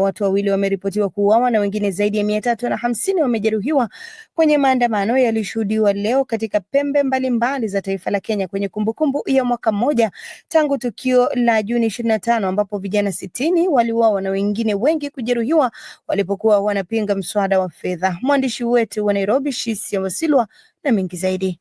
Watu wawili wameripotiwa kuuawa na wengine zaidi ya mia tatu na hamsini wamejeruhiwa kwenye maandamano yaliyoshuhudiwa leo katika pembe mbalimbali mbali za taifa la Kenya kwenye kumbukumbu ya mwaka mmoja tangu tukio la Juni ishirini na tano ambapo vijana sitini waliuawa na wengine wengi kujeruhiwa walipokuwa wanapinga mswada wa fedha. Mwandishi wetu wa Nairobi, Shisia Wasilwa, na mengi zaidi.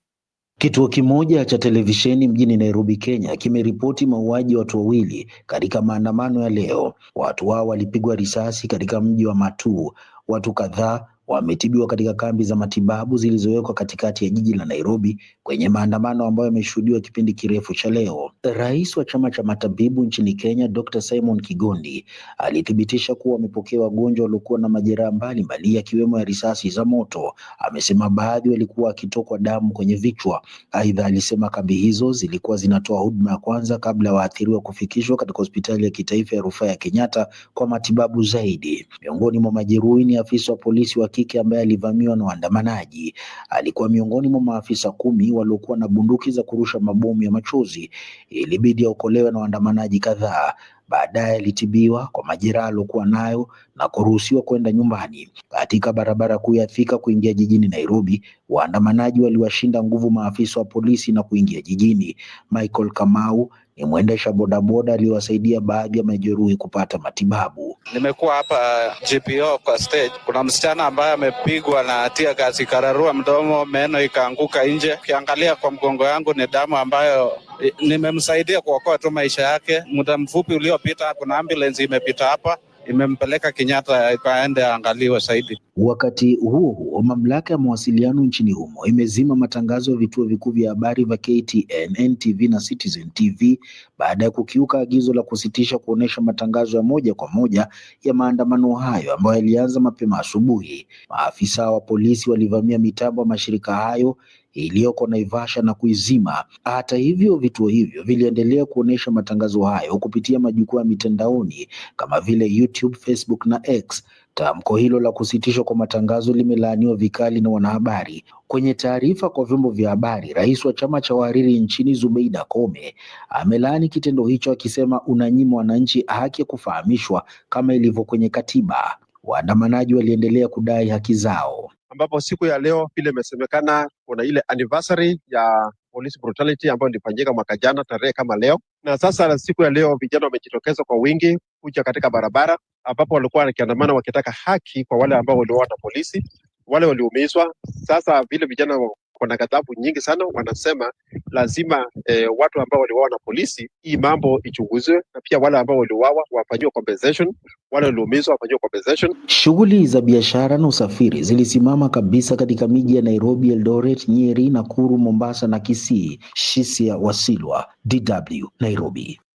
Kituo kimoja cha televisheni mjini Nairobi, Kenya kimeripoti mauaji watu wawili katika maandamano ya leo. Watu hao walipigwa risasi katika mji wa Matuu. Watu kadhaa wametibiwa katika kambi za matibabu zilizowekwa katikati ya jiji la Nairobi kwenye maandamano ambayo yameshuhudiwa kipindi kirefu cha leo. Rais wa chama cha matabibu nchini Kenya, Dr. Simon Kigondi alithibitisha kuwa wamepokea wagonjwa waliokuwa na majeraha mbalimbali yakiwemo ya risasi za moto. Amesema baadhi walikuwa wakitokwa damu kwenye vichwa. Aidha, alisema kambi hizo zilikuwa zinatoa huduma ya kwanza kabla ya waathiriwa kufikishwa katika hospitali ya kitaifa ya rufaa ya Kenyatta kwa matibabu zaidi. Miongoni mwa majeruhi ni afisa wa polisi wa kike ambaye alivamiwa na waandamanaji alikuwa miongoni mwa maafisa kumi waliokuwa na bunduki za kurusha mabomu ya machozi. Ilibidi aokolewe na waandamanaji kadhaa Baadaye alitibiwa kwa majeraha aliyokuwa nayo na kuruhusiwa kwenda nyumbani. Katika barabara kuu ya Thika kuingia jijini Nairobi, waandamanaji waliwashinda nguvu maafisa wa polisi na kuingia jijini. Michael Kamau ni mwendesha bodaboda aliyowasaidia baadhi ya majeruhi kupata matibabu. Nimekuwa hapa uh, GPO kwa stage, kuna msichana ambaye amepigwa na tia gasi, kararua mdomo, meno ikaanguka nje. Ukiangalia kwa mgongo yangu ni damu ambayo Eh, nimemsaidia kuokoa tu maisha yake. Muda mfupi uliopita, kuna ambulance imepita hapa imempeleka Kenyatta ikaende aangaliwe zaidi. Wakati huo huo, mamlaka ya mawasiliano nchini humo imezima matangazo ya vituo vikuu vya habari vya KTN, NTV na Citizen TV baada ya kukiuka agizo la kusitisha kuonesha matangazo ya moja kwa moja ya maandamano hayo ambayo yalianza mapema asubuhi. Maafisa wa polisi walivamia mitambo ya mashirika hayo iliyoko Naivasha na kuizima. Hata hivyo, vituo hivyo viliendelea kuonesha matangazo hayo kupitia majukwaa ya mitandaoni kama vile YouTube, Facebook na X. Tamko hilo la kusitishwa kwa matangazo limelaaniwa vikali na wanahabari. Kwenye taarifa kwa vyombo vya habari, rais wa chama cha wahariri nchini Zubeida Kome amelaani kitendo hicho akisema, unanyima wananchi haki ya kufahamishwa kama ilivyo kwenye katiba. Waandamanaji waliendelea kudai haki zao ambapo siku ya leo vile imesemekana kuna ile anniversary ya police brutality ambayo ilifanyika mwaka jana tarehe kama leo, na sasa siku ya leo vijana wamejitokeza kwa wingi kuja katika barabara, ambapo walikuwa wakiandamana wakitaka haki kwa wale ambao waliuawa na polisi, wale waliumizwa Sasa vile vijana kuna ghadhabu nyingi sana. Wanasema lazima eh, watu ambao waliwawa na polisi, hii mambo ichunguzwe, na pia wale ambao waliwawa wafanyiwe compensation, wale waliumizwa wafanyiwe compensation. Shughuli za biashara na usafiri zilisimama kabisa katika miji ya Nairobi, Eldoret, Nyeri, Nakuru, Mombasa na Kisii. Shisia Wasilwa, DW, Nairobi.